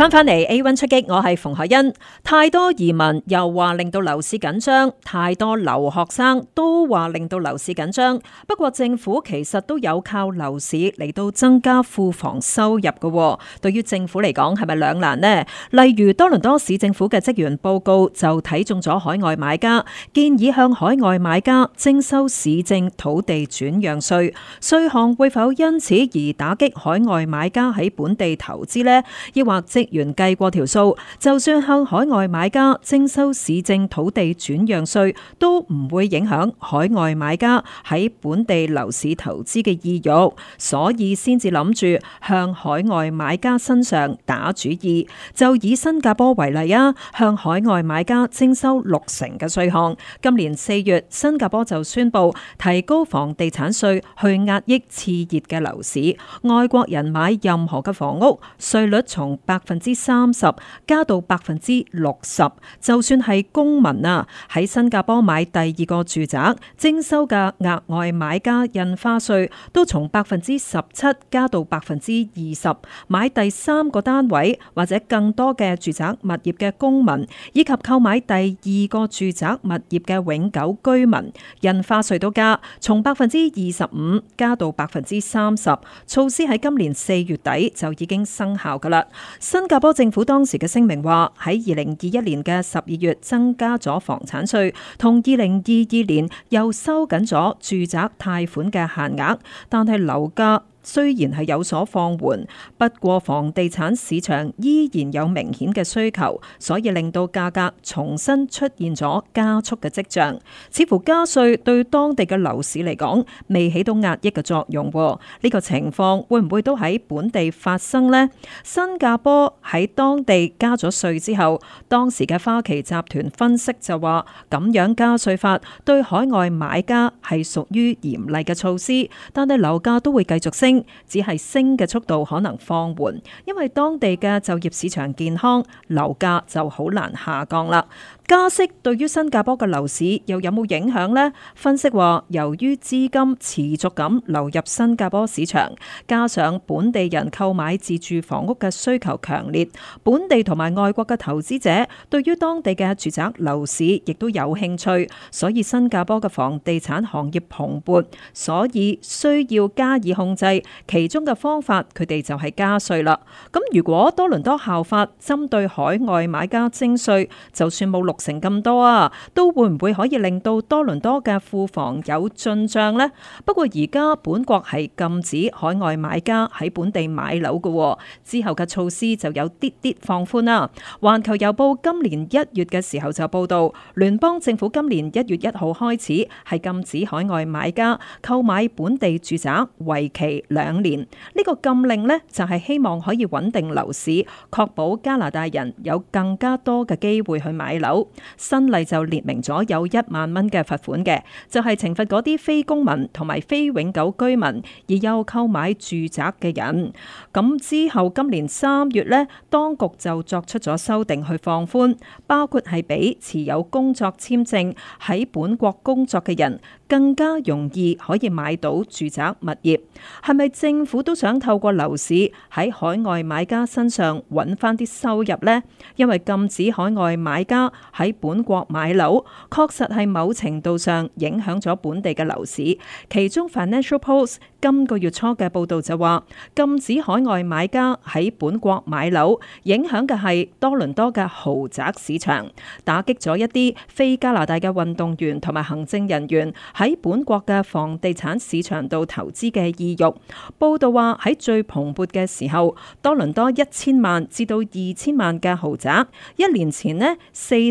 翻返嚟 A one 出擊，我係馮凱欣。太多移民又話令到樓市緊張，太多留學生都話令到樓市緊張。不過政府其實都有靠樓市嚟到增加庫房收入㗎喎。對於政府嚟講，係咪兩難呢？例如多倫多市政府嘅職員報告就睇中咗海外買家，建議向海外買家徵收市政土地轉讓稅。稅項會否因此而打擊海外買家喺本地投資呢？抑或即？原計過條數，就算向海外買家徵收市政土地轉讓稅，都唔會影響海外買家喺本地樓市投資嘅意欲，所以先至諗住向海外買家身上打主意。就以新加坡為例啊，向海外買家徵收六成嘅稅項，今年四月，新加坡就宣佈提高房地產稅去壓抑熾熱嘅樓市。外國人買任何嘅房屋，稅率從百分。之三十加到百分之六十，就算係公民啊，喺新加坡買第二個住宅徵收嘅額外買家印花稅都從百分之十七加到百分之二十。買第三個單位或者更多嘅住宅物業嘅公民以及購買第二個住宅物業嘅永久居民，印花稅都加，從百分之二十五加到百分之三十。措施喺今年四月底就已經生效噶啦，新。新加坡政府當時嘅聲明話，喺二零二一年嘅十二月增加咗房產稅，同二零二二年又收緊咗住宅貸款嘅限額，但係樓價，雖然係有所放緩，不過房地產市場依然有明顯嘅需求，所以令到價格重新出現咗加速嘅跡象。似乎加稅對當地嘅樓市嚟講，未起到壓抑嘅作用。呢個情況會唔會都喺本地發生呢？新加坡喺當地加咗稅之後，當時嘅花旗集團分析就話：咁樣加稅法對海外買家係屬於嚴厲嘅措施，但係樓價都會繼續升。只係升嘅速度可能放緩，因為當地嘅就業市場健康，樓價就好難下降啦。加息對於新加坡嘅樓市又有冇影響呢？分析話，由於資金持續咁流入新加坡市場，加上本地人購買自住房屋嘅需求強烈，本地同埋外國嘅投資者對於當地嘅住宅樓市亦都有興趣，所以新加坡嘅房地產行業蓬勃，所以需要加以控制。其中嘅方法，佢哋就係加稅啦。咁如果多倫多效法，針對海外買家徵稅，就算冇六成咁多啊，都會唔會可以令到多倫多嘅庫房有進賬咧？不過而家本國係禁止海外買家喺本地買樓嘅，啊，之後嘅措施就有啲啲放寬啦，啊。《環球郵報》今年一月嘅時候就報道，聯邦政府今年一月一號開始係禁止海外買家購買本地住宅，為期兩年。呢、呢個禁令咧就係、係、希望可以穩定樓市，確保加拿大人有更加多嘅機會去買樓。新例就列明咗有一萬蚊嘅罰款嘅，就係懲罰嗰啲非公民同埋非永久居民而又購買住宅嘅人。咁之後今年三月咧，當局就作出咗修訂去放寬，包括係俾持有工作簽證喺本國工作嘅人更加容易可以買到住宅物業，係咪政府都想透過樓市喺海外買家身上揾翻啲收入咧？因為禁止海外買家，喺本國買樓確實係某程度上影響咗本地嘅樓市。其中 Financial Post 今個月初嘅報道就話，禁止海外買家喺本國買樓，影響嘅係多倫多嘅豪宅市場，打擊咗一啲非加拿大嘅運動員同埋行政人員喺本國嘅房地產市場度投資嘅意欲。報道話喺最蓬勃嘅時候，多倫多一千萬至到二千萬嘅豪宅，一年前呢，四。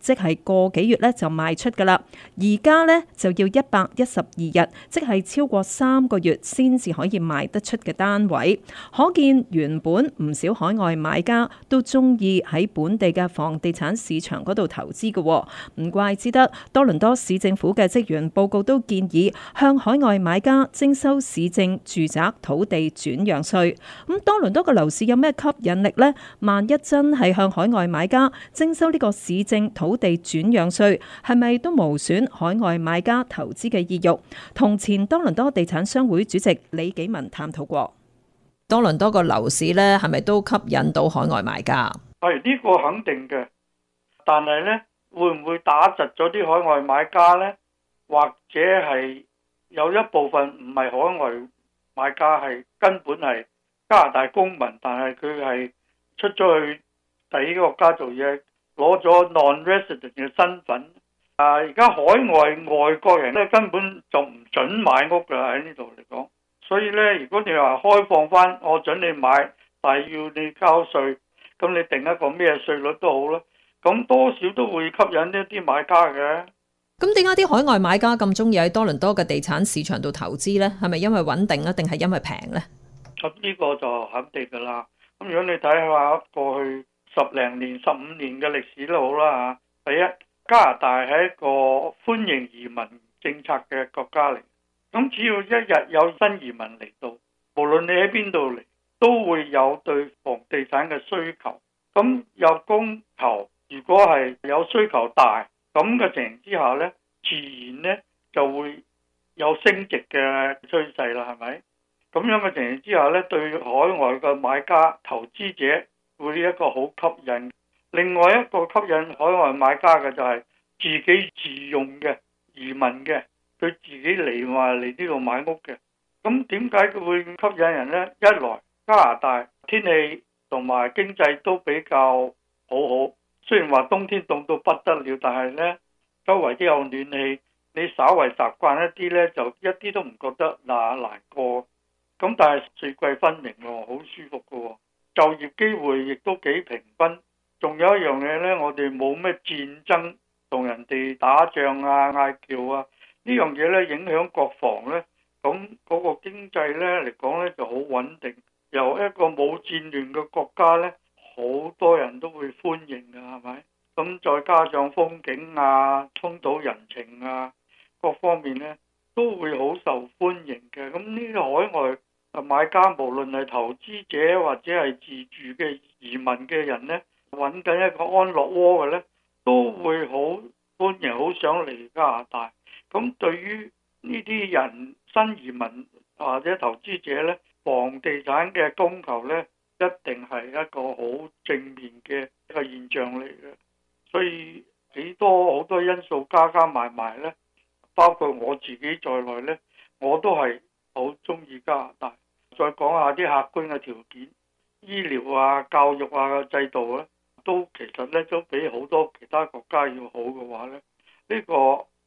即係個幾月咧就賣出㗎啦，而家呢，就要一百一十二日，即係超過三個月先至可以賣得出嘅單位。可見原本唔少海外買家都中意喺本地嘅房地產市場嗰度投資嘅，哦，唔怪之得多倫多市政府嘅職員報告都建議向海外買家徵收市政住宅土地轉讓稅。咁多倫多嘅樓市有咩吸引力呢？萬一真係向海外買家徵收呢個市政土，土地轉讓稅係咪都無損海外買家投資嘅意欲？同前多倫多地產商會主席李紀民探討過。多倫多個樓市咧，係咪都吸引到海外買家？係呢個肯定嘅，但係咧會唔會打窒咗啲海外買家咧？或者係有一部分唔係海外買家，係根本係加拿大公民，但係佢係出咗去第二個國家做嘢。攞咗 non-resident 嘅身份，啊！而家海外外國人咧根本就唔准買屋噶，喺呢度嚟講，所以咧，如果你話開放翻，我准你買，但係要你交稅，咁你定一個咩稅率都好啦，咁多少都會吸引一啲買家嘅。咁點解啲海外買家咁中意喺多倫多嘅地產市場度投資咧？係咪因為穩定咧，定係因為平咧？咁呢個就肯定噶啦。咁如果你睇下過去。十零年、十五年嘅歷史都好啦嚇。第一，加拿大係一個歡迎移民政策嘅國家嚟。咁只要一日有新移民嚟到，無論你喺邊度嚟，都會有對房地產嘅需求。咁有供求，如果係有需求大咁嘅情形之下呢，自然呢就會有升值嘅趨勢啦，係咪？咁樣嘅情形之下呢，對海外嘅買家、投資者，會一個好吸引，另外一個吸引海外買家嘅就係自己自用嘅移民嘅，佢自己嚟話嚟呢度買屋嘅。咁點解佢會吸引人呢？一來加拿大天氣同埋經濟都比較好好，雖然話冬天凍到不得了，但係呢，周圍都有暖氣，你稍為習慣一啲呢，就一啲都唔覺得嗱難過。咁但係四季分明喎，好舒服嘅喎。就業機會亦都幾平均，仲有一樣嘢呢，我哋冇咩戰爭同人哋打仗啊、嗌交啊，呢樣嘢呢，影響國防呢。咁嗰個經濟呢嚟講呢，講呢就好穩定。由一個冇戰亂嘅國家呢，好多人都會歡迎嘅，係咪？咁再加上風景啊、通島人情啊，各方面呢，都會好受歡迎嘅。咁呢個海外。啊！買家無論係投資者或者係自住嘅移民嘅人呢，揾緊一個安樂窩嘅呢，都會好歡迎，好想嚟加拿大。咁對於呢啲人新移民或者投資者呢，房地產嘅供求呢，一定係一個好正面嘅一個現象嚟嘅。所以幾多好多因素加加埋埋呢，包括我自己在內呢，我都係，好中意加拿大，再講下啲客觀嘅條件，醫療啊、教育啊嘅制度咧、啊，都其實咧都比好多其他國家要好嘅話咧，呢、呢個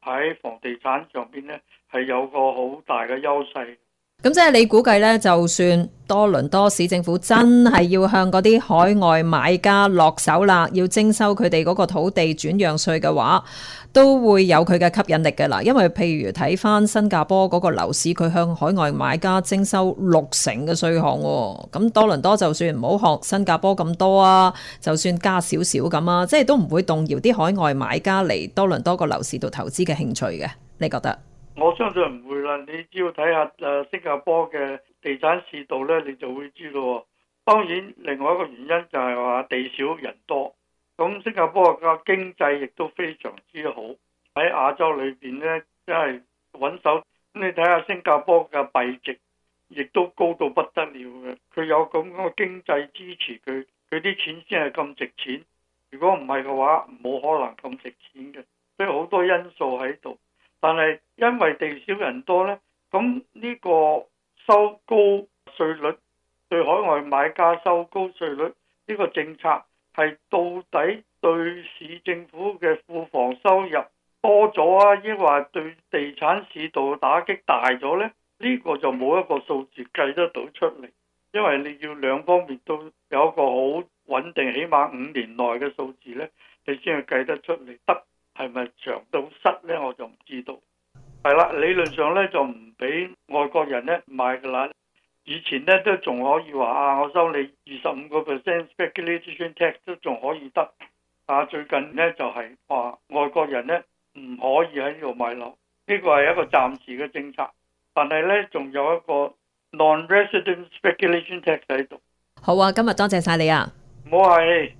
喺房地產上邊咧係有個好大嘅優勢。咁即係你估計呢？就算多倫多市政府真係要向嗰啲海外買家落手啦，要徵收佢哋嗰個土地轉讓稅嘅話，都會有佢嘅吸引力嘅啦。因為譬如睇翻新加坡嗰個樓市，佢向海外買家徵收六成嘅稅項喎，咁多倫多就算唔好學新加坡咁多啊，就算加少少咁啊，即係都唔會動搖啲海外買家嚟多倫多個樓市度投資嘅興趣嘅。你覺得？我相信唔會啦，你只要睇下誒新加坡嘅地產市道呢，你就會知道。當然，另外一個原因就係話地少人多。咁新加坡嘅經濟亦都非常之好，喺亞洲裏邊呢，即係穩守。你睇下新加坡嘅幣值，亦都高到不得了嘅。佢有咁嘅經濟支持，佢佢啲錢先係咁值錢。如果唔係嘅話，冇可能咁值錢嘅。所以好多因素喺度。但係因為地少人多呢，咁呢個收高稅率對海外買家收高稅率呢個政策係到底對市政府嘅庫房收入多咗啊，抑或對地產市道打擊大咗呢？呢個就冇一個數字計得到出嚟，因為你要兩方面都有一個好穩定，起碼五年內嘅數字呢，你先係計得出嚟得。係咪長到塞呢？我就唔知道。係啦，理論上呢，就唔俾外國人呢買嘅啦。以前呢，都仲可以話啊，我收你二十五個 percent speculation tax 都仲可以得。但最近呢，就係話外國人呢唔可以喺呢度買樓。呢個係一個暫時嘅政策，但係呢，仲有一個 non-resident speculation tax 喺度。好啊，今日多謝晒你啊！唔冇係。